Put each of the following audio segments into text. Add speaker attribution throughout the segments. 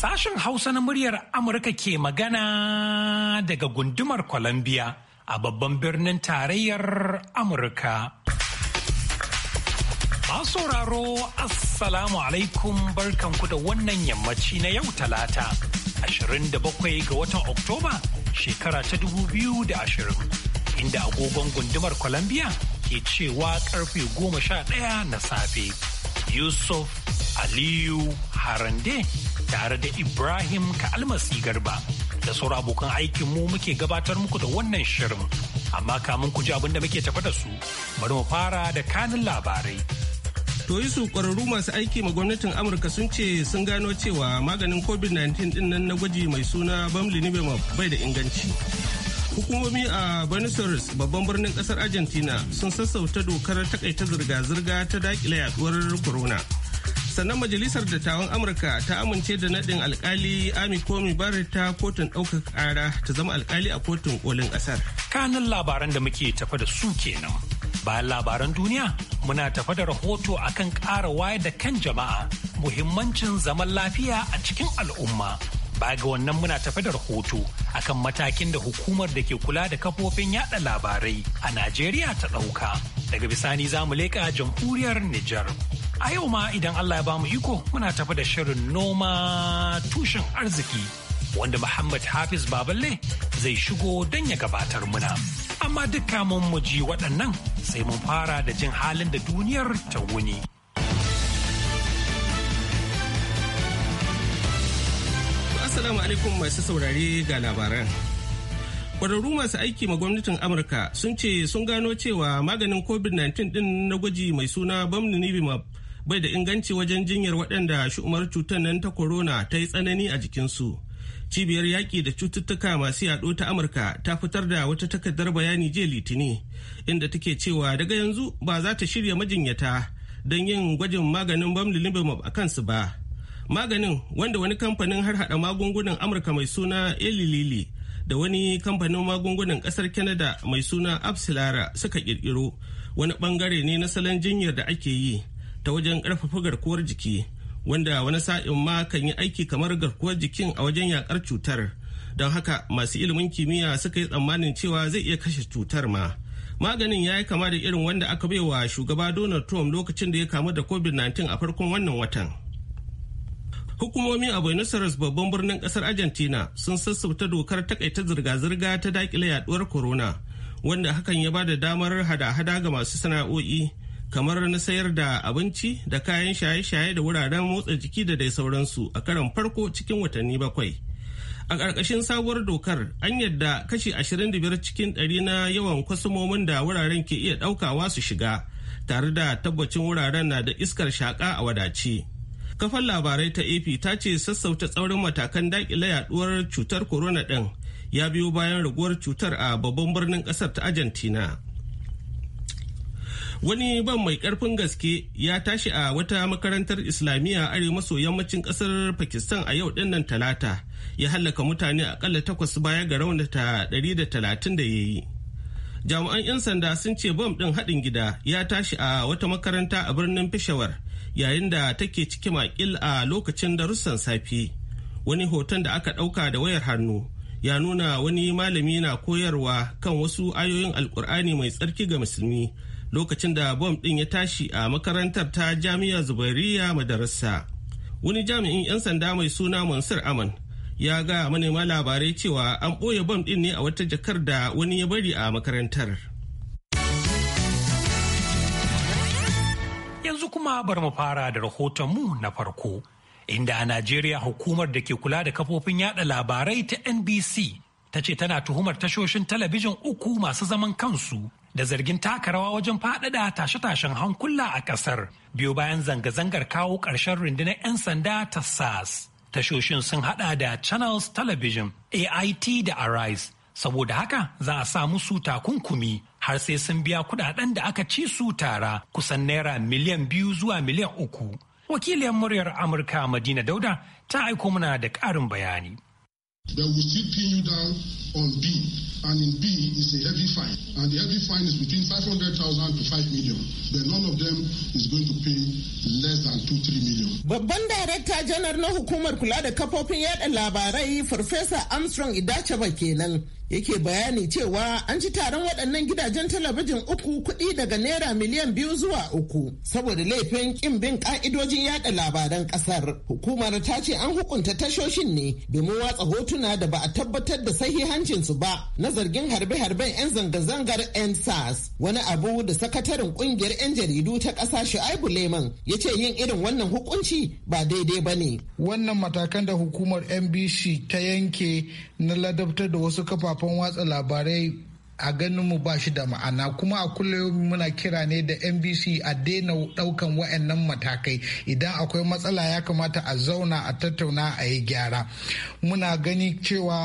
Speaker 1: Sashen Hausa na muryar Amurka ke magana daga gundumar Columbia a babban birnin tarayyar Amurka. sauraro Assalamu alaikum barkanku da wannan yammaci na yau talata 27 ga watan Oktoba shekara ta 2020 inda agogon gundumar Columbia ke cewa karfe 11 na safe. Yusuf Aliyu Harande tare da Ibrahim ka almasi Garba da sauran abokan aikin mu muke gabatar muku da wannan shirin. Amma kamun ku ji abin da muke tafa da su, bari mu fara da kanin labarai.
Speaker 2: To yi su ƙwararru masu aiki ma gwamnatin Amurka sun ce sun gano cewa maganin COVID-19 din nan na gwaji mai suna Bamlinibimab bai da inganci. Hukumomi a Buenos Aires babban birnin ƙasar Argentina sun sassauta dokar takaita zirga-zirga ta dakile yaduwar corona. sannan majalisar dattawan amurka ta amince da nadin
Speaker 1: alkali ami komi barrett ta kotun ɗaukar ƙara ta zama alkali a kotun kolin ƙasar kanan labaran da muke tafa da su kenan bayan labaran duniya muna tafa da rahoto akan ƙara wayar da kan jama'a muhimmancin zaman lafiya a cikin al'umma ba ga wannan muna tafe da rahoto akan matakin da hukumar da ke kula da kafofin yada labarai a Najeriya ta ɗauka. Daga bisani za mu leƙa jamhuriyar Nijar. A yau ma idan Allah ya bamu iko muna tafi da shirin noma tushen arziki wanda Muhammad Hafiz Baballe zai shigo don ya gabatar muna. Amma dukka mun muji waɗannan sai mun fara da jin halin da duniyar ta wuni.
Speaker 2: Assalamu alaikum masu saurare ga labaran. kwararru masu aiki ma gwamnatin amurka sun ce sun gano cewa maganin covid-19 ɗin na gwaji mai suna bamninibimab bai da inganci wajen jinyar waɗanda shu'umar cutar nan ta korona ta yi tsanani a jikinsu. Cibiyar yaƙi da cututtuka masu yaɗo ta Amurka ta fitar da wata takardar bayani jiya Litini, inda take cewa daga yanzu ba za ta shirya majinyata don yin gwajin maganin bamlilimab a kansu ba. Maganin wanda wani kamfanin har hada magungunan Amurka mai suna Eli Lili da wani kamfanin magungunan ƙasar Canada mai suna Absilara suka ƙirƙiro wani ɓangare ne na salon jinyar da ake yi. ta wajen ƙarfafa garkuwar jiki wanda wani sa'in ma kan yi aiki kamar garkuwar jikin a wajen yakar cutar don haka masu ilimin kimiyya suka yi tsammanin cewa zai iya kashe cutar ma maganin ya yi kama da irin wanda aka bai wa shugaba donald trump lokacin da ya kamu da covid-19 a farkon wannan watan hukumomi a buenos aires babban birnin kasar argentina sun sassauta dokar takaita zirga-zirga ta dakile yaduwar corona wanda hakan ya ba da damar hada-hada ga masu sana'o'i kamar na sayar da abinci da kayan shaye-shaye da wuraren motsa jiki da dai sauransu a karan farko cikin watanni bakwai. A ƙarƙashin sabuwar dokar an yadda kashi ashirin da biyar cikin ɗari na yawan kwasumomin da wuraren ke iya ɗaukawa su shiga tare da tabbacin wuraren na da iskar shaƙa a wadace. Kafan labarai ta AP ta ce sassauta tsaurin matakan daƙile yaduwar cutar corona ɗin ya biyo bayan raguwar cutar a babban birnin ƙasar ta Argentina. wani ban mai karfin gaske ya tashi a wata makarantar islamiyya arewa maso yammacin kasar pakistan a yau dinnan talata ya hallaka mutane akalla takwas baya ga raunata 130 da talatin ya yi jami'an 'yan sanda sun ce bom din haɗin gida ya tashi a wata makaranta a birnin peshawar yayin da take ciki makil a lokacin darussan safe wani hoton da aka ɗauka da wayar hannu ya nuna wani malami na koyarwa kan wasu ayoyin alkur'ani mai tsarki ga musulmi lokacin da bom ɗin ya tashi a makarantar ta jami'a zubairiya madarasa wani jami'in 'yan sanda mai suna mansur aman ya ga manema labarai cewa an ɓoye bom ɗin ne a wata jakar da wani ya
Speaker 1: bari a makarantar yanzu kuma bar mu fara da rahotonmu na farko inda a najeriya hukumar da ke kula da kafofin yada labarai ta nbc ta ce tana tuhumar tashoshin talabijin uku masu zaman kansu da zargin taka rawa wajen faɗaɗa tashe-tashen hankula a ƙasar biyu bayan zanga-zangar kawo ƙarshen rundunar 'yan sanda ta sas tashoshin sun haɗa da channels television ait da arise saboda haka za a sa musu takunkumi har sai sun biya kuɗaɗen da aka ci su tara kusan naira miliyan biyu zuwa miliyan uku wakiliyar muryar amurka madina dauda ta aiko mana da ƙarin bayani
Speaker 3: They will still pin you down on B, and in B is a heavy fine, and the heavy fine is between thousand to 5 million. But none of them is going to pay less than two three million.
Speaker 4: Babban darakta janar na hukumar kula da kafofin yada labarai Farfesa Armstrong Idachaba kenan. yake bayani cewa an ci taron waɗannan gidajen talabijin uku kuɗi daga naira miliyan biyu zuwa uku saboda laifin ƙin bin ƙa'idojin yada labaran ƙasar hukumar ta ce an hukunta tashoshin ne domin watsa hotuna da ba a tabbatar da sahihancinsu ba na zargin harbe-harben 'yan zanga-zangar ensas wani abu da sakataren ƙungiyar 'yan jaridu ta ƙasa shu'aibu leman ya ce yin irin wannan hukunci ba daidai ba ne wannan matakan da hukumar mbc ta yanke na ladabtar da wasu kafa kafafen watsa labarai a ganin mu ba shi da ma'ana kuma a kullum muna kira ne da NBC a daina daukan wa'annan matakai idan akwai matsala ya kamata a zauna a tattauna a yi gyara muna gani cewa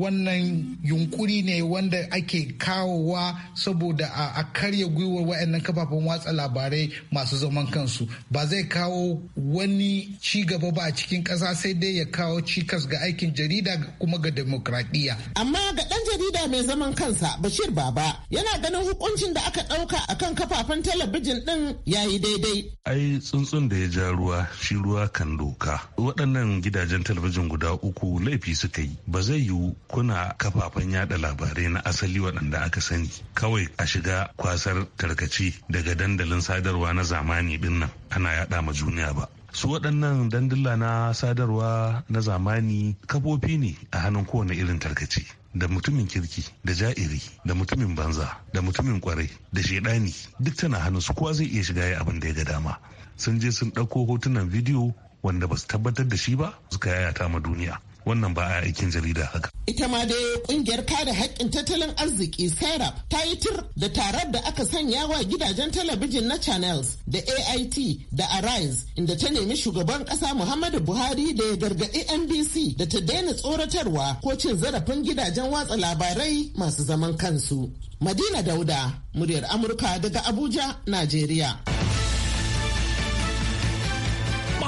Speaker 4: wannan yunkuri ne wanda ake kawowa saboda a karya gwiwar wa'annan kafafen watsa labarai masu zaman kansu ba zai kawo wani ci gaba ba a cikin ƙasa sai dai ya kawo cikas ga aikin jarida kuma ga demokradiyya amma ga ɗan jarida mai zaman kansa Bashir Baba yana ganin hukuncin da aka ɗauka akan kafafen talabijin ɗin yayi yi daidai.
Speaker 5: Ai tsuntsun da ya ja ruwa shi ruwa kan doka. Waɗannan gidajen talabijin guda uku laifi suka yi. Ba zai yiwu kuna kafafen yada labarai na asali waɗanda aka sani. Kawai a shiga kwasar tarkaci daga dandalin sadarwa na zamani ɗin nan ana yaɗa ma juniya ba. su waɗannan dandula na sadarwa na zamani kafofi ne a hannun kowane irin tarkace da mutumin kirki da ja'iri da mutumin banza da mutumin kwarai da shaidani duk tana hannu su kowa zai iya shiga ya abin da ya ga dama sun je sun ɗauko hotunan bidiyo wanda ba su tabbatar da shi ba suka yayata ma duniya wannan ba a aikin jarida haka.
Speaker 4: Ita ma dai kungiyar kare haƙƙin tattalin arziki Serap ta yi tur da tarar da aka sanya wa gidajen talabijin na Channels da AIT da Arise inda ta nemi shugaban ƙasa Muhammadu Buhari da ya gargaɗi NBC da ta daina tsoratarwa ko cin zarafin gidajen watsa labarai masu zaman kansu. Madina Dauda, muryar Amurka daga Abuja, Najeriya.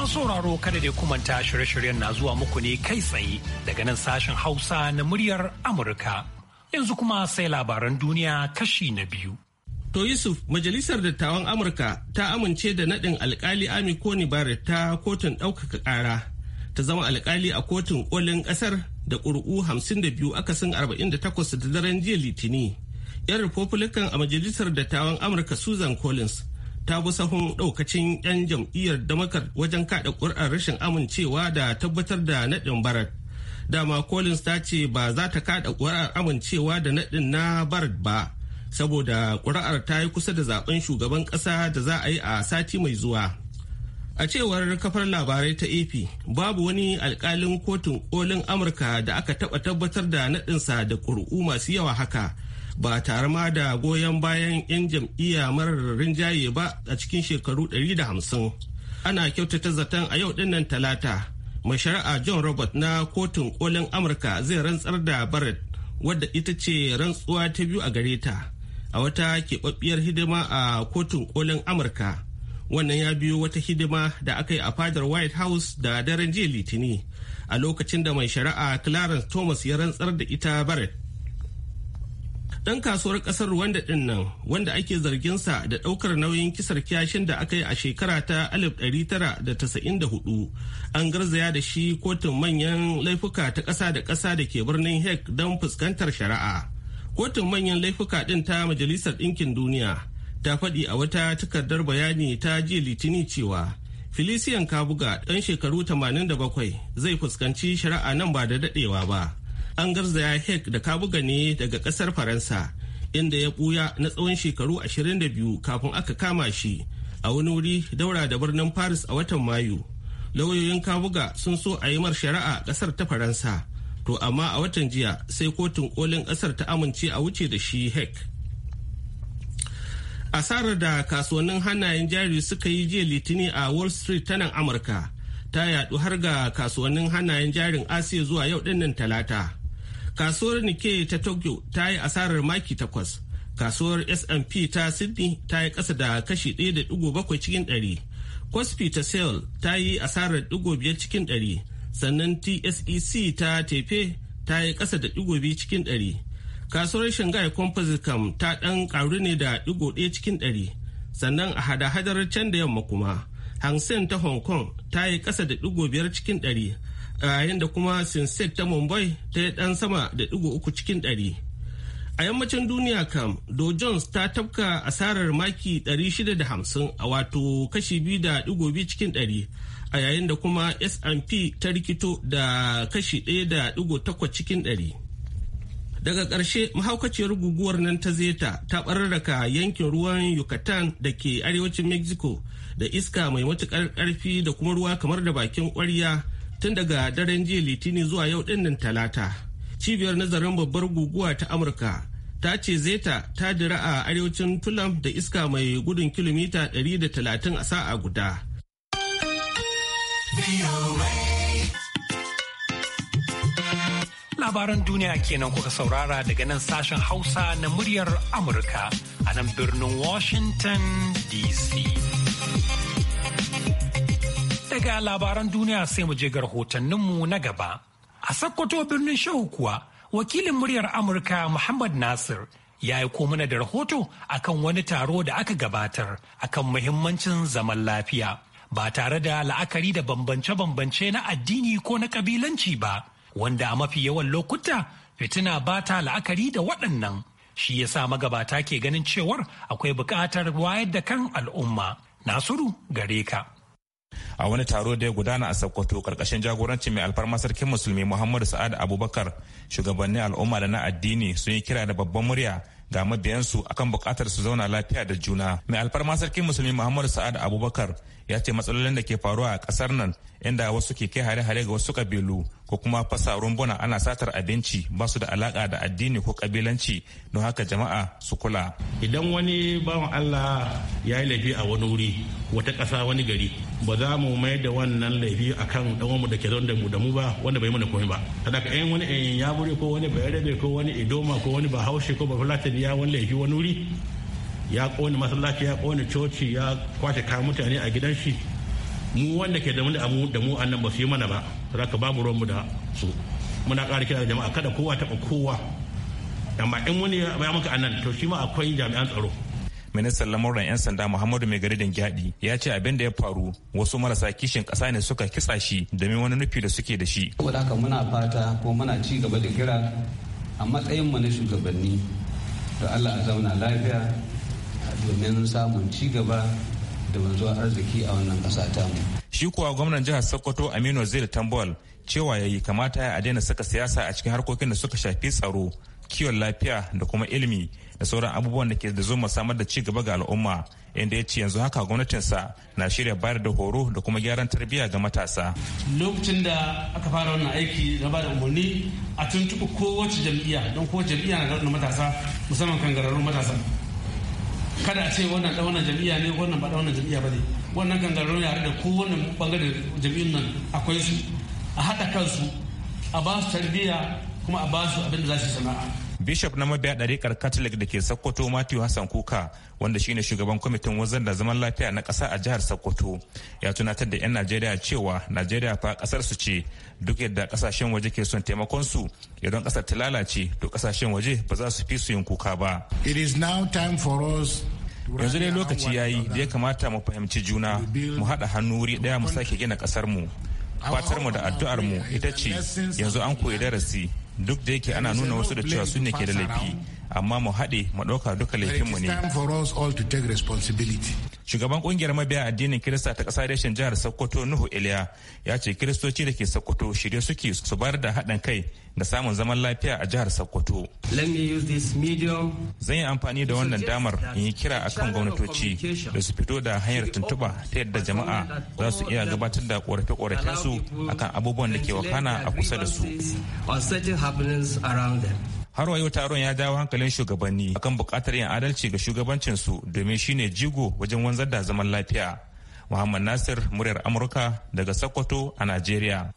Speaker 1: sauraro kada da dai kumanta shirye-shiryen na zuwa muku ne kai tsaye daga nan sashen Hausa na muryar Amurka. Yanzu kuma sai labaran duniya kashi na biyu. To Yusuf, Majalisar Dattawan Amurka ta amince da
Speaker 2: naɗin alkali Ami Kone Barrett ta kotun ɗaukaka ƙara. Ta zama alkali a kotun ƙolin ƙasar da ƙuri'u 52 akasin 48 da daren jiya Litini. 'Yan Republican a Majalisar Dattawan Amurka Susan Collins ta bi sahun daukacin 'yan jam'iyyar damakar wajen kaɗa ƙuri'ar rashin amincewa da tabbatar da naɗin barat dama collins ta ce ba za ta kada ƙuri'ar amincewa da naɗin na barat ba saboda ƙuri'ar ta yi kusa da zaben shugaban ƙasa da za a yi a sati mai zuwa a cewar kafar labarai ta ap babu wani alkalin kotun kolin amurka da aka taɓa tabbatar da naɗinsa da ƙuri'u masu yawa haka ba tare ma da goyon bayan 'yan jam'iyya marar rinjaye ba a cikin shekaru 150 ana kyautata zaton a yau dinnan talata mai shari'a john robert na kotun kolin amurka zai rantsar da barrett wadda ita ce rantsuwa ta biyu a gare ta a wata keɓaɓɓiyar hidima a kotun kolin amurka wannan ya biyo wata hidima da aka yi a fadar white house da daren jiya litini a lokacin da mai shari'a clarence thomas ya rantsar da ita barrett dan kasuwar kasar Rwanda din nan wanda ake zarginsa da daukar nauyin kisar kyashin da aka yi a shekara ta 1994 an garzaya da shi kotun manyan laifuka ta ƙasa da ƙasa da ke birnin hek don fuskantar shari'a. Kotun manyan laifuka din ta Majalisar Ɗinkin Duniya ta faɗi a wata takardar bayani ta jiya Litini cewa Felician Kabuga ɗan shekaru 87 zai fuskanci shari'a nan ba da daɗewa ba. an garzaya hek da kabuga ne daga kasar faransa inda ya buya na tsawon shekaru 22 kafin aka kama shi a wani wuri daura da birnin paris a watan mayu lauyoyin kabuga sun so a yi mar shari'a kasar ta faransa to amma a watan jiya sai kotun kolin kasar ta amince a wuce da shi hek asarar da kasuwannin hannayen jari suka yi jiya litini a wall street ta nan amurka ta yadu har ga kasuwannin hannayen jarin asiya zuwa yau dinnan talata kasuwar nike ta tokyo ta yi asarar maki takwas kasuwar smp ta Sydney ta yi kasa da kashi 1.7 cikin 100. Kospi ta Seoul ta yi asarar 5 cikin 100, sannan TSEC ta Tefe ta yi kasa da 2 cikin 100. Kasuwar Shanghai Composite Cam ta ɗan ƙaru ne da 1 cikin 100, sannan a hada-hadar can da yamma kuma. Hang ta Hong Kong ta yi kasa da 5 cikin 100, yayin da kuma sinset ta Mumbai ta yi dan sama da digo uku cikin ɗari. A yammacin duniya kam, Dow Jones ta tabka asarar maki 650 a wato kashi biyu da digo biyu cikin ɗari. A yayin da kuma S&P ta rikito da kashi ɗaya da digo takwas cikin ɗari. Daga ƙarshe mahaukaciyar guguwar nan ta zeta ta ɓararraka yankin ruwan Yucatan da ke arewacin Mexico da iska mai matuƙar ƙarfi da kuma ruwa kamar da bakin ƙwarya tun daga daren jiya litinin zuwa yau dinnan talata cibiyar nazarin babbar guguwa ta amurka ta ce zeta ta dira a arewacin tulam da iska mai gudun kilomita 130 a sa'a
Speaker 1: guda labaran duniya kenan kuka saurara daga nan sashen hausa na muryar amurka a nan birnin washington dc daga labaran duniya sai mu je ga rahotanninmu na gaba. A Sokoto birnin Shehu kuwa wakilin muryar Amurka Muhammad Nasir ya yi mana da rahoto akan wani taro da aka gabatar akan muhimmancin zaman lafiya ba tare da la'akari da bambance-bambance na addini ko na kabilanci ba wanda a mafi yawan lokuta fitina ba ta la'akari da waɗannan shi ya sa magabata ke ganin cewar akwai buƙatar wayar da kan al'umma nasiru gare ka
Speaker 5: a wani taro da ya gudana a sokoto karkashin jagorancin mai alfarma sarkin musulmi muhammadu sa'ad abubakar shugabannin al'umma da na addini sun yi kira da babban murya ga mabiyansu akan bukatar su zauna lafiya da juna mai alfarma sarkin musulmi muhammadu sa'ad abubakar ya ce matsalolin da ke faruwa a kasar nan inda wasu ke kai hare-hare ga wasu kabilu ko kuma fasa rumbuna ana satar abinci ba su da alaka da addini ko kabilanci don haka jama'a su kula. Idan wani bawan Allah ya yi laifi a wani wuri wata
Speaker 2: ƙasa wani gari ba za mu mai da wannan laifi a kan ɗanwanmu da ke zaune da mu ba wanda bai mana komai ba. Sadaka ɗayan wani ɗayan ya buri ko wani bayarabe ko wani idoma ko wani bahaushe ko bafulatin ya wani laifi wani wuri ya ƙone masallaci ya ƙone coci ya kwace kayan mutane a gidan shi mu wanda ke da mu da mu a nan ba su yi mana ba. za ka babu ruwanmu da
Speaker 5: su muna ƙara kira da jama'a kada kowa taɓa kowa amma in wani ya maka anan to shi ma akwai jami'an tsaro ministan lamuran 'yan sanda muhammadu mai gari dan gyadi ya ce abin da ya faru wasu marasa kishin ƙasa ne suka kitsa shi domin wani nufi da suke da shi saboda haka
Speaker 2: muna fata ko muna ci gaba da kira a matsayin mu na shugabanni da allah a zauna lafiya domin samun ci gaba da wanzuwar arziki
Speaker 6: a wannan ƙasa ta mu.
Speaker 5: Shi kuwa gwamnan jihar Sokoto Aminu Zil Tambol cewa ya yi kamata ya daina saka siyasa a cikin harkokin da suka shafi tsaro, kiwon lafiya da kuma ilimi da sauran abubuwan da ke da zuma samar da ci gaba ga al'umma inda ya ce yanzu haka gwamnatinsa na shirya bayar da horo da kuma gyaran tarbiyya ga matasa.
Speaker 2: Lokacin da aka fara wannan aiki na ba da umarni a tuntuɓi kowace jam'iyya don kowace jam'iyya na da matasa musamman kan gararrun matasa. kada a ce wannan da wannan jami'a ne wannan ba da wannan jami'a ba ne wannan gangarorin yare da wannan bangare jami'in nan akwai su a haɗa kansu a ba su tarbiyya kuma a ba su abin da za su sana'a
Speaker 5: bishop na mabiya ɗariƙar catholic da ke sokoto matthew hassan kuka wanda shine shugaban kwamitin wanzar da zaman lafiya na ƙasa a jihar sokoto ya tunatar da 'yan najeriya cewa najeriya fa ƙasar su ce duk yadda ƙasashen waje ke son taimakon su idan ƙasar ta lalace to ƙasashen waje ba za su fi su yin kuka ba it is time for us yanzu dai lokaci ya yi da ya kamata mu fahimci juna mu haɗa hannu wuri ɗaya mu sake gina ƙasar mu fatar da addu'ar mu ita ce yanzu an koyi darasi duk da yake ana nuna wasu da cewa su ne ke da laifi amma mu haɗe mu ɗauka duka laifinmu ne. Shugaban ƙungiyar mabiya addinin Kirista ta ƙasa reshen jihar Sokoto Nuhu Iliya ya ce Kiristoci da ke Sokoto shirye suke su bar da haɗin kai da samun zaman lafiya a jihar Sokoto. Zan yi amfani da wannan damar in yi kira akan gwamnatoci da su fito da hanyar tuntuɓa ta yadda jama'a za su iya gabatar da ƙorafe-ƙorafensu akan abubuwan da ke wakana a kusa da su. har wayo taron ya dawo hankalin shugabanni akan buƙatar yin adalci ga shugabancinsu domin shine jigo wajen wanzar da zaman lafiya muhammad nasir muryar amurka daga sokoto a najeriya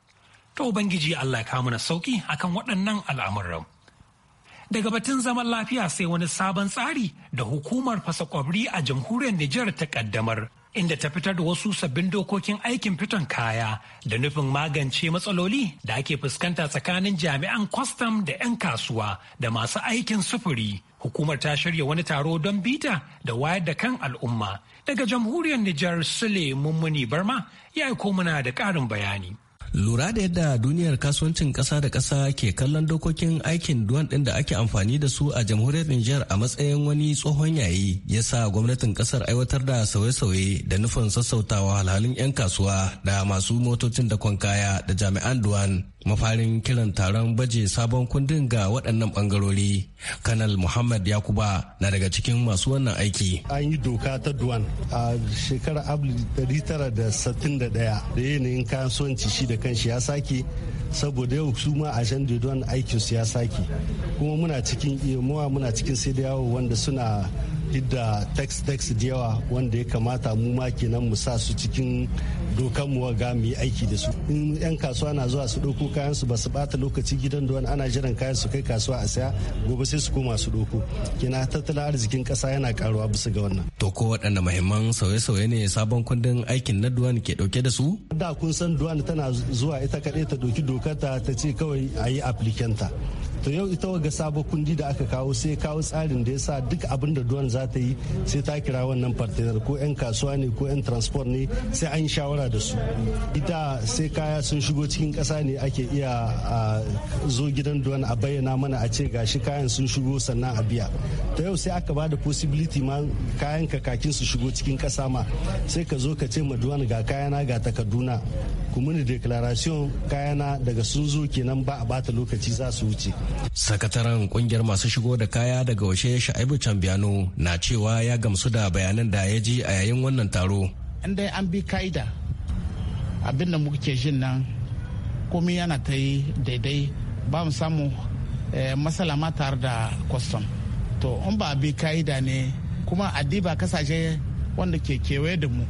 Speaker 1: to ubangiji allah ya mana sauki akan waɗannan al'amuran daga batun zaman lafiya sai wani sabon tsari da hukumar fasa kwabri a jamhuriyar nijar ta kaddamar. inda ta fitar da wasu sabbin dokokin aikin fitan kaya da nufin magance matsaloli da ake fuskanta tsakanin jami'an kwastam da 'yan kasuwa da masu aikin sufuri. Hukumar ta shirya wani taro don bita da wayar da kan al'umma. Daga jamhuriyar Nijar Sule Mummuni Barma ya yi komuna da ƙarin bayani.
Speaker 6: lura da yadda duniyar kasuwancin ƙasa da ƙasa ke kallon dokokin aikin duwan ɗin da ake amfani da su a jamhuriyar Nijar a matsayin wani tsohon yayi ya sa gwamnatin ƙasar aiwatar da sauye-sauye da nufin sassautawa halhalin 'yan kasuwa da masu motocin da kwan kaya da jami'an duwan mafarin kiran taron baje sabon kundin ga waɗannan ɓangarori kanal muhammad yakuba na daga cikin masu wannan aiki
Speaker 7: an yi doka ta duwan a shekarar abu 1961 da yanayin kasuwanci shi da kanshi ya sake saboda yau su ma a shan aikinsu ya sake kuma muna cikin iya muna cikin sai da yawo wanda suna da tax tax da yawa wanda ya kamata mu ma kenan mu sa su cikin dokan mu ga mu yi aiki da su in yan kasuwa na zuwa su doko kayan su ba su bata lokaci gidan da wani ana jiran kayan su kai kasuwa a saya gobe sai su koma su doko kina tattalin arzikin kasa yana karuwa bisa ga wannan
Speaker 6: to ko waɗanda muhimman sauye-sauye ne sabon kundin aikin na duwan ke dauke da su
Speaker 7: da kun san duwan tana zuwa ita kaɗai ta ɗauki dokar ta ta ce kawai a yi aflikanta. to yau ita waga sabo kundi da aka kawo sai kawo tsarin da ya sa duk abin da duwan za ta yi sai ta kira wannan partner ko 'yan kasuwa ne ko 'yan transport ne sai an shawara da su ita sai kaya sun shigo cikin kasa ne ake iya zo gidan duwan a bayyana mana a ce gashi kayan sun shigo sannan a biya ta yau sai aka bada da possibility ma kayan kakakin su shigo cikin kasa ma sai ka zo ka ce ma duwan ga kayana ga takarduna kuma ni declaration kayana daga sun zo kenan
Speaker 6: ba a bata lokaci za su wuce sakataren kungiyar masu shigo da kaya daga washe sha'ibu cambiano na cewa ya gamsu da bayanan da ya ji a yayin wannan taro
Speaker 4: in dai an bi ka'ida abin da muke jin nan komai yana ta yi daidai ba mu samu eh, matsala ma tare da kwastam to in ba bi ka'ida ne kuma adiba kasashe wanda ke kewaye da mu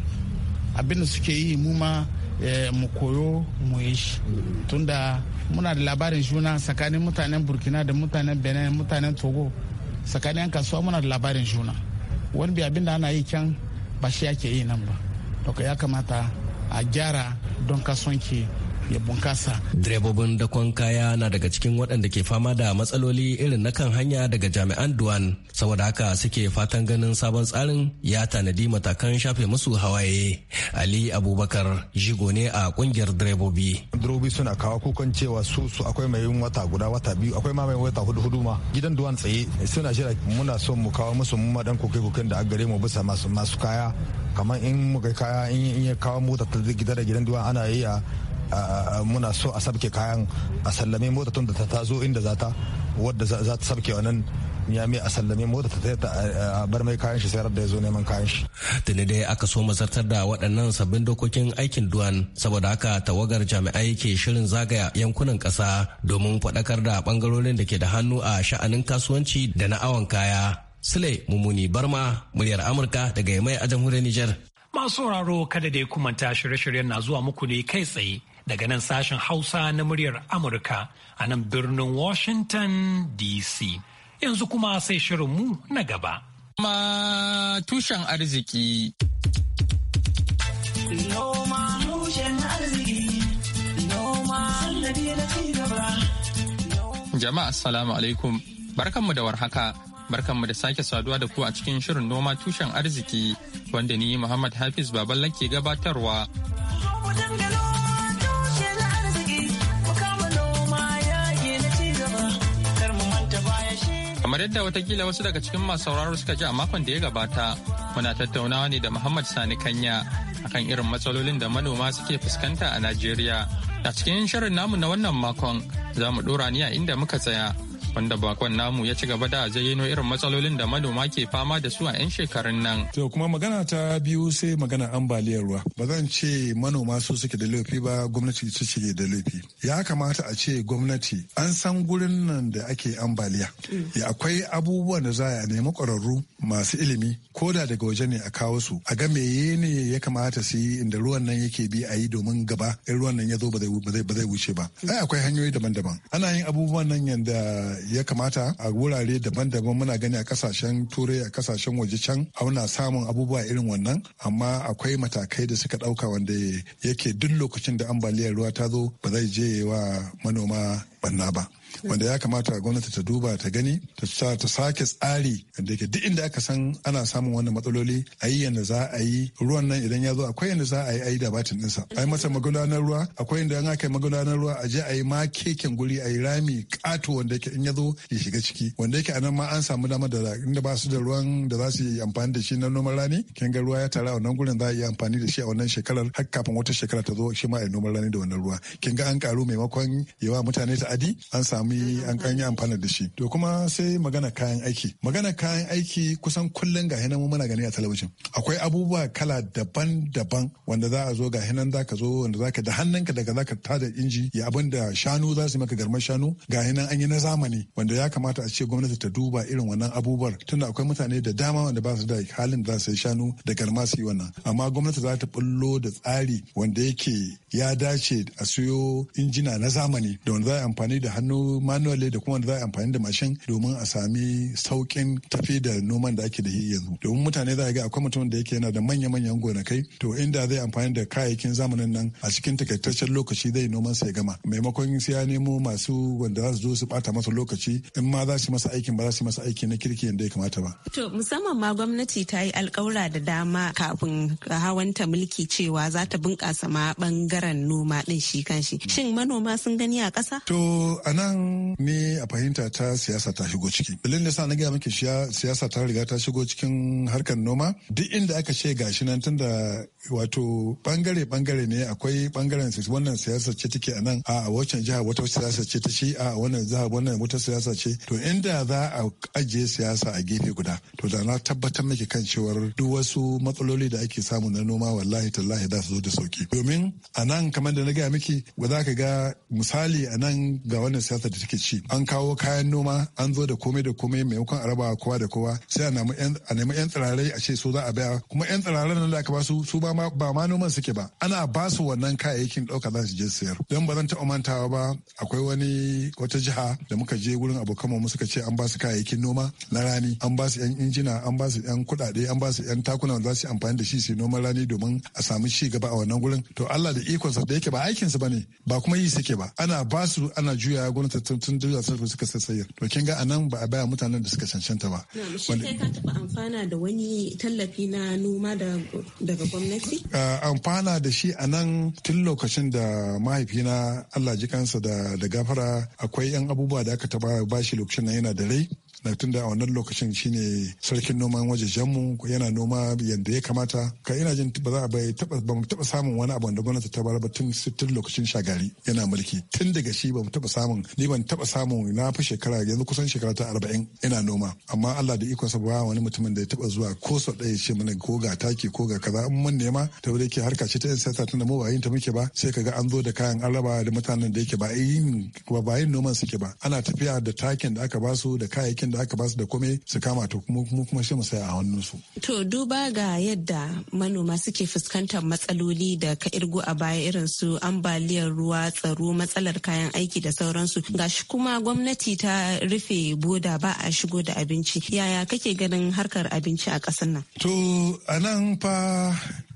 Speaker 2: abin da suke yi mu ma eh, mu koyo mu yi shi tunda muna da labarin juna tsakanin mutanen burkina da mutanen benin mutanen togo tsakanin kasuwa
Speaker 4: muna da labarin juna wani bi abin da ana yi kyan ba shi ake yi nan ba to ya
Speaker 2: kamata a gyara don kasuwanci ya bunkasa.
Speaker 6: Direbobin dakon kaya na daga cikin waɗanda ke fama da matsaloli irin na kan hanya daga jami'an Duwan. Saboda haka suke fatan ganin sabon tsarin ya tanadi matakan shafe musu hawaye.
Speaker 3: Ali Abubakar jigo ne a kungiyar direbobi. Direbobi suna kawo kukan cewa su su akwai mai yin wata guda wata biyu akwai ma mai wata hudu hudu ma gidan Duwan tsaye suna shirya muna son mu kawo musu mu madan koke-koken da a gare mu bisa masu kaya kamar in muka kaya in ya kawo mota ta gida da gidan duwan ana iya muna so a sabke kayan a sallame mota tun da ta zo inda za ta wadda za ta sabke wannan ya mai a sallame mota ta ta bar mai kayan shi sai da ya zo neman kayan shi. Tuni dai aka so mazartar da waɗannan
Speaker 6: sabbin dokokin aikin duwan saboda haka tawagar jami'ai ke shirin zagaya yankunan ƙasa domin faɗakar da ɓangarorin da ke da hannu a sha'anin kasuwanci da na awon kaya. Sule Mumuni Barma, muryar Amurka daga Yamai a jamhuriyar Nijar.
Speaker 1: Masu sauraro kada da dai kumanta shirye-shiryen na zuwa muku ne kai tsaye daga nan sashen Hausa na muryar Amurka a nan birnin Washington DC. Yanzu kuma sai shirinmu na gaba. Ma tushen arziki.
Speaker 6: na gaba.
Speaker 8: Jama'a assalamu alaikum. Barkanmu da warhaka. Barkanmu da sake saduwa da ku a cikin shirin noma tushen arziki wanda ni Muhammad Hafiz Babal ke gabatarwa. Kamar yadda watakila wasu daga cikin masu sauraro suka ji a makon da ya gabata, muna tattaunawa ne da Muhammad Sani Kanya akan irin matsalolin da manoma suke fuskanta a Najeriya. A cikin shirin namu na wannan makon za mu ɗora ni a inda muka tsaya wanda bakon namu ya ci gaba da zayyano irin matsalolin da manoma ke fama da su a 'yan shekarun nan.
Speaker 3: To kuma magana ta biyu sai magana ambaliyar ruwa. Ba zan ce manoma su suke da laifi ba gwamnati su ce da laifi. Ya kamata a ce gwamnati an san gurin nan da ake ambaliya. Mm. Ya akwai abubuwan da za a nemi ƙwararru masu ilimi ko da daga waje ne a kawo su a ga meye ne ya kamata su yi inda ruwan nan yake bi a yi domin gaba in ruwan nan ya zo ba zai wuce ba. Ai akwai hanyoyi daban-daban. Ana yin abubuwan nan yanda ya kamata a wurare daban-daban muna gani a kasashen turai a kasashen waje can auna samun abubuwa irin wannan amma akwai matakai da suka ɗauka wanda yake duk lokacin da ambaliyar ruwa ta zo ba zai je wa manoma banna ba wanda ya kamata gwamnati ta duba ta gani ta sake tsari da ke duk inda aka san ana samun wannan matsaloli a yi yadda za a yi ruwan nan idan ya zo akwai yadda za a yi a da batin ɗinsa a yi masa magudanar ruwa akwai yadda an aka yi magudanar ruwa a je a yi ma keken guri a yi rami ƙato wanda yake in ya zo ya shiga ciki wanda yake anan ma an samu dama da inda ba su da ruwan da za su yi amfani da shi na noman rani kin ga ruwa ya tara a wannan gurin za a yi amfani da shi a wannan shekarar har kafin wata shekara ta zo shi ma a yi noman rani da wannan ruwa kin ga an karu maimakon yawa mutane ta'adi an samu sami an kan yi amfana da shi to kuma sai magana kayan aiki magana kayan aiki kusan kullum ga hinan muna gani a talabijin akwai abubuwa kala daban-daban wanda za a zo ga hinan za ka zo wanda za ka da hannunka daga za ka tada inji ya abin da shanu za su maka garman shanu ga hinan an yi na zamani wanda ya kamata a ce gwamnati ta duba irin wannan abubuwar tunda akwai mutane da dama wanda ba su da halin za su yi shanu da garma su yi wannan amma gwamnati za ta bullo da tsari wanda yake ya dace a siyo injina na zamani da wanda za a amfani da hannu manuale da kuma za a amfani da mashin domin a sami saukin tafi da noman da ake da yi yanzu domin mutane za a ga akwai mutumin da yake yana da manya-manyan gonakai to inda zai amfani da kayayyakin zamanin nan a cikin takaitaccen lokaci zai noman sai gama maimakon sai ya nemo masu wanda za su zo su bata masa lokaci in ma za su masa aikin ba za su masa aiki na kirki yadda ya kamata ba.
Speaker 9: to musamman ma gwamnati ta yi alkawura da dama kafin hawanta mulki cewa za ta bunƙasa ma bangaren noma din shi kanshi shin manoma sun gani a ƙasa. to
Speaker 3: anan ni a fahimta ta siyasa ta shigo ciki dalilin da sa na gaya miki siyasa ta riga ta shigo cikin harkar noma duk inda aka ce gashi nan tunda wato bangare bangare ne akwai bangaren wannan siyasa ce take a nan a wancan jiha wata siyasa ce ta ci a wannan jiha wannan wata siyasa ce to inda za a ajiye siyasa a gefe guda to da na tabbatar miki kan cewar duk wasu matsaloli da ake samu na noma wallahi tallahi za su zo da sauki domin a nan kamar da na gaya miki ba za ka ga misali a nan ga wannan siyasa da take ci an kawo kayan noma an zo da komai da komai maimakon a araba kowa da kowa sai a nemi yan tsirarai a ce so za a baya kuma yan tsirarai nan da aka basu su ba ma noman suke ba ana ba su wannan kayayyakin ɗauka za su je sayar don ba zan taɓa mantawa ba akwai wani wata jiha da muka je gurin abokan mu suka ce an ba su kayayyakin noma na rani an ba su yan injina an ba su yan kuɗaɗe an ba su yan takuna za su amfani da shi su noma rani domin a samu ci gaba a wannan gurin to Allah da ikonsa da yake ba aikinsa ba ne ba kuma yi suke ba ana ba su ana juyawa gwamnati tun duniya sun suka sassayar to kin ga anan ba a baya mutanen da suka cancanta ba shi
Speaker 9: ka taba amfana da wani tallafi na noma daga gwamnati
Speaker 3: amfana da shi anan tun lokacin da mahaifina Allah ji kansa da da gafara akwai yan abubuwa da aka taba bashi lokacin nan yana da rai da tun da a wannan lokacin shine sarkin noman waje mu yana noma yadda ya kamata ka ina jin ba za a bai taba samun wani abu da gwamnati ta bar ba tun tun lokacin shagari yana mulki tun daga shi ba mu taba samun ni ban taba samun na fi shekara yanzu kusan shekara ta arba'in ina noma amma Allah da ikonsa ba wani mutumin da ya taba zuwa ko sau ɗaya ce mana ko ga taki ko ga kaza in mun nema ta wuri yake harka ce ta yin sata tunda mu ba yin ta muke ba sai ka ga an zo da kayan araba da mutanen da yake ba yin ba yin noman suke ba ana tafiya da takin da aka basu da kayayyakin da aka basu da kome su kama to kuma kuma sai mu saya a su.
Speaker 9: To duba ga yadda manoma suke fuskantar matsaloli da ka irgu a baya irin su ambaliyar ruwa tsaro matsalar kayan aiki da sauransu gashi kuma gwamnati ta rufe boda ba a shigo da abinci yaya kake ganin
Speaker 3: harkar abinci a ƙasar nan. To a fa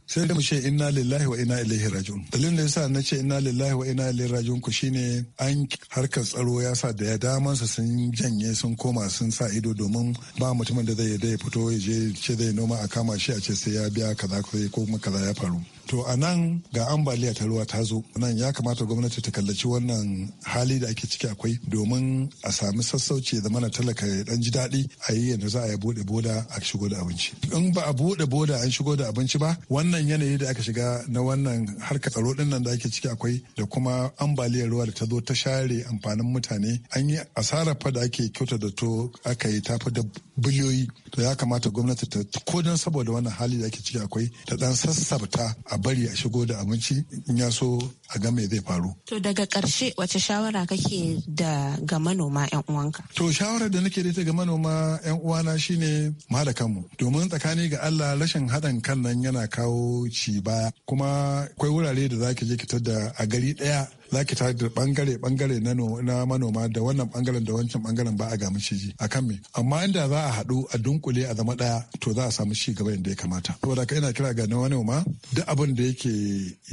Speaker 3: sai da mu ce inna lillahi wa inna ilaihi rajiun dalilin da yasa na ce inna lillahi wa inna ilaihi rajiun ku shine an harkar tsaro ya sa da ya su sun janye sun koma sun sa ido domin ba mutumin da zai ya fito ya je ce zai noma a kama shi a ce sai ya biya kaza ko kuma kaza ya faru to a nan ga ambaliya ta ruwa ta zo nan ya kamata gwamnati ta kallaci wannan hali da ake ciki akwai domin a sami sassauci da mana talaka ya dan ji daɗi a yi yadda za a yi bude boda a shigo da abinci in ba a bude boda an shigo da abinci ba wannan yanayi da aka shiga na wannan harkar tsaro din nan da ake ciki akwai da kuma ambaliyar ruwa da ta zo ta share amfanin mutane an yi asarar fa da ake kyauta da to aka yi tafi da biliyoyi to ya kamata gwamnati ta ko don saboda wannan hali da ake ciki akwai ta dan sassabta a a bari a shigo da abinci in ya so a ga me zai faru.
Speaker 9: To daga ƙarshe wace shawara kake da ga manoma 'yan uwanka?
Speaker 3: To shawarar da nake da ita ga manoma 'yan uwana shine mu kanmu domin tsakani ga Allah rashin haɗin kan nan yana kawo ci baya kuma akwai wurare da zaki je ki da a gari ɗaya za ta tare da bangare bangare na manoma da wannan bangaren da wancan bangaren ba a ga maciji a kan me amma inda za a haɗu a dunkule a zama ɗaya to za a samu shi gaba yadda ya kamata saboda ka ina kira ga na manoma duk abin da yake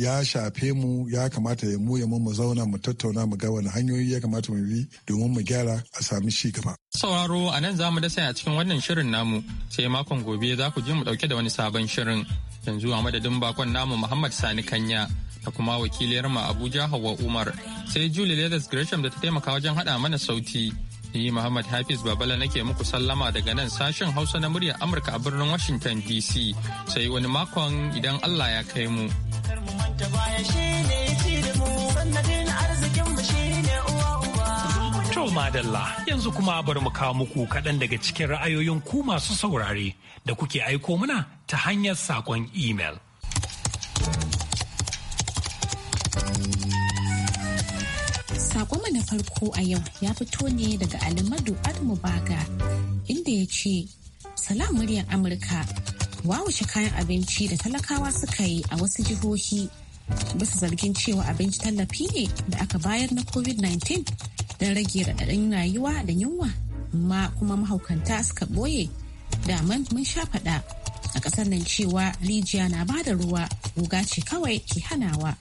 Speaker 3: ya shafe mu ya kamata ya mu mu zauna mu tattauna mu ga wani hanyoyi ya kamata mu bi domin mu gyara a sami shi gaba
Speaker 8: sauraro a nan za mu dasa a cikin wannan shirin namu sai makon gobe za ku je mu ɗauke da wani sabon shirin yanzu a madadin bakon namu Muhammad Sani Kanya da kuma wakiliyar mu Abuja Hauwa Umar sai Julie Leathers Gresham da ta taimaka wajen hada mana sauti. Ni Muhammad Hafiz Babala nake muku sallama daga nan sashen Hausa na muryar Amurka a birnin Washington DC sai wani makon idan Allah ya kai mu.
Speaker 1: To madalla yanzu kuma bari mu kawo muku kaɗan daga cikin ra'ayoyin ku masu saurare da kuke aiko mana ta hanyar saƙon imel.
Speaker 9: Sakonmu na farko a yau ya fito ne daga Alimadu almubaga inda ya ce, Salam muryar Amurka, wawushe kayan abinci da talakawa suka yi a wasu jihohi bisa zargin cewa abinci tallafi ne da aka bayar na COVID-19 don rage raɗaɗin rayuwa da yunwa, amma kuma mahaukanta suka ɓoye da mun sha faɗa a ƙasar nan cewa rijiya na bada ruwa guga ce kawai ke hanawa.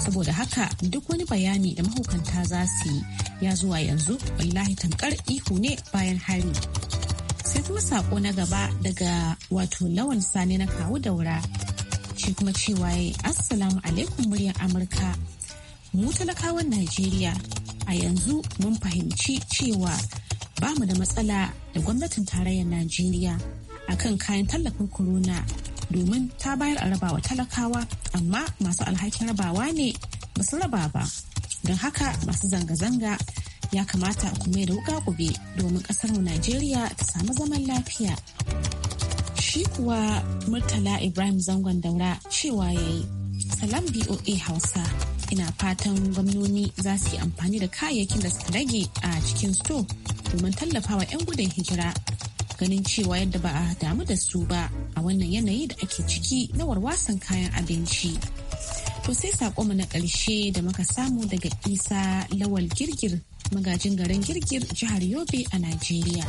Speaker 9: saboda haka duk wani bayani da mahukanta za su yi ya zuwa yanzu wallahi tamkar ihu ne bayan hari sai kuma sako na gaba daga wato lawan sani na kawu daura shi kuma cewa ya assalamu alaikum muryar amurka mu talakawan najeriya a yanzu mun fahimci cewa ba mu da matsala da gwamnatin tarayyar najeriya akan kayan tallafin corona domin ta bayar a rabawa talakawa amma masu alhakin rabawa ne ba su raba ba don haka masu zanga-zanga ya kamata ku mai da wuka gobe domin mu najeriya ta samu zaman lafiya shi kuwa murtala ibrahim zangon daura cewa ya yi salam boa hausa ina fatan gwamnoni za su yi amfani da kayayyakin da suka rage a cikin sto domin tallafawa 'yan gudun hijira ganin cewa yadda ba a damu da su ba a wannan yanayi da ake ciki na warwasan kayan abinci. To sai mu na ƙarshe da muka samu daga isa lawal girgir magajin garin girgir jihar Yobe a Najeriya.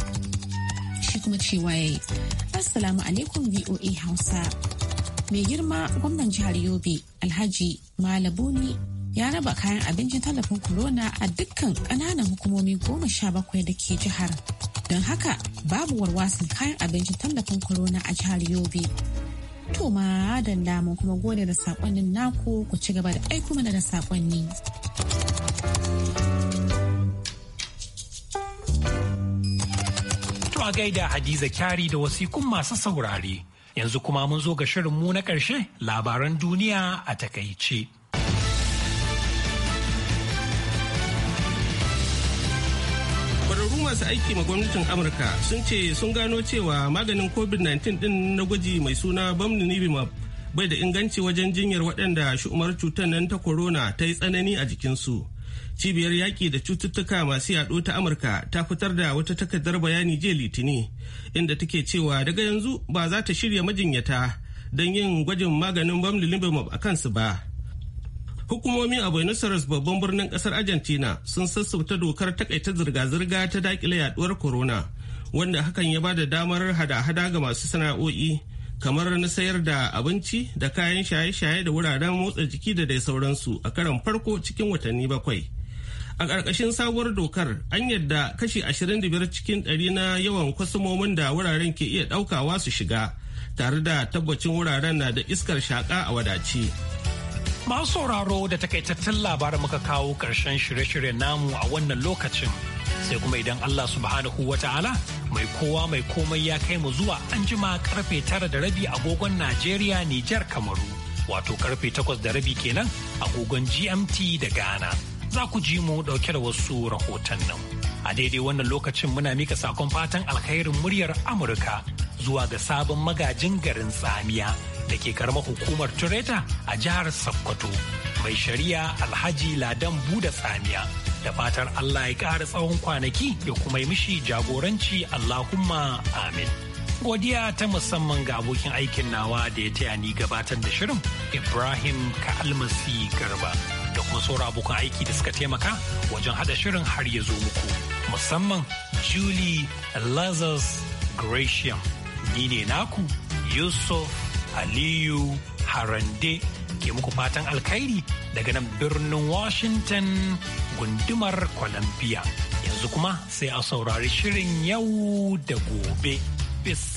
Speaker 9: Shi kuma cewa ya yi, Assalamu alaikum VOA Hausa. Mai girma gwamnan jihar Yobe, Alhaji Malabuni ya raba kayan abincin tallafin corona a dukkan ƙananan hukumomi goma sha bakwai da ke jihar Don haka babu warwasin kayan abincin tallafin corona a jihar Yobe. To ma da kuma gode da sakonnin naku ku ci gaba da aiko mana da sakonni.
Speaker 1: To a gaida Hadiza Kyari da wasikun masu saurare. Yanzu kuma mun zo ga shirin mu na ƙarshe labaran duniya a takaice.
Speaker 2: masu aiki ma gwamnatin Amurka sun ce sun gano cewa maganin COVID-19 din na gwaji mai suna Bamninibimab bai da inganci wajen jinyar waɗanda shu'umar cutar nan ta corona ta yi tsanani a jikinsu. Cibiyar yaƙi da cututtuka masu yaɗo ta Amurka ta fitar da wata takardar bayani jiya Litini inda take cewa daga yanzu ba za ta shirya majinyata don yin gwajin maganin Bamlinibimab a kansu ba. hukumomin a Buenos Aires babban birnin kasar Argentina sun sassauta dokar takaita zirga-zirga ta dakile yaduwar corona wanda hakan ya bada damar hada-hada ga masu sana'o'i kamar na sayar da abinci da kayan shaye-shaye da wuraren motsa jiki da dai sauransu a karan farko cikin watanni bakwai. A ƙarƙashin sabuwar dokar an yadda kashi ashirin da biyar cikin ɗari na yawan kwasumomin da wuraren ke iya ɗaukawa su shiga tare da tabbacin wuraren na da iskar shaƙa a wadace.
Speaker 1: Masu sauraro da takaitattun labarin muka kawo ƙarshen shirye-shiryen namu a wannan lokacin. Sai kuma idan Allah subhanahu wa ta'ala mai kowa mai komai ya kai mu zuwa an jima karfe tara da rabi agogon Najeriya Nijar Kamaru. Wato karfe takwas da rabi kenan agogon GMT da Ghana. Za ku ji mu ɗauke da wasu rahoton nan, A daidai wannan lokacin muna mika sakon fatan alkhairin muryar Amurka zuwa ga sabon magajin garin Tsamiya. da ke karamar hukumar Tureta a jihar Sokoto. Mai shari'a Alhaji Ladan Buda Tsamiya Da fatar Allah ya ƙara tsawon kwanaki ya kuma yi mishi jagoranci Allahumma amin. Godiya ta musamman ga abokin aikin nawa da ya taya ni gabatar da shirin Ibrahim ka Almasi Garba da kuma saura abokan aiki da suka taimaka wajen haɗa shirin har ya zo muku. Musamman Julie Lazarus Gratiam. Ni ne naku Yusuf Aliyu Harande ke muku fatan alkhairi daga nan birnin Washington gundumar Columbia. Yanzu kuma sai a saurari shirin yau da gobe. Peace.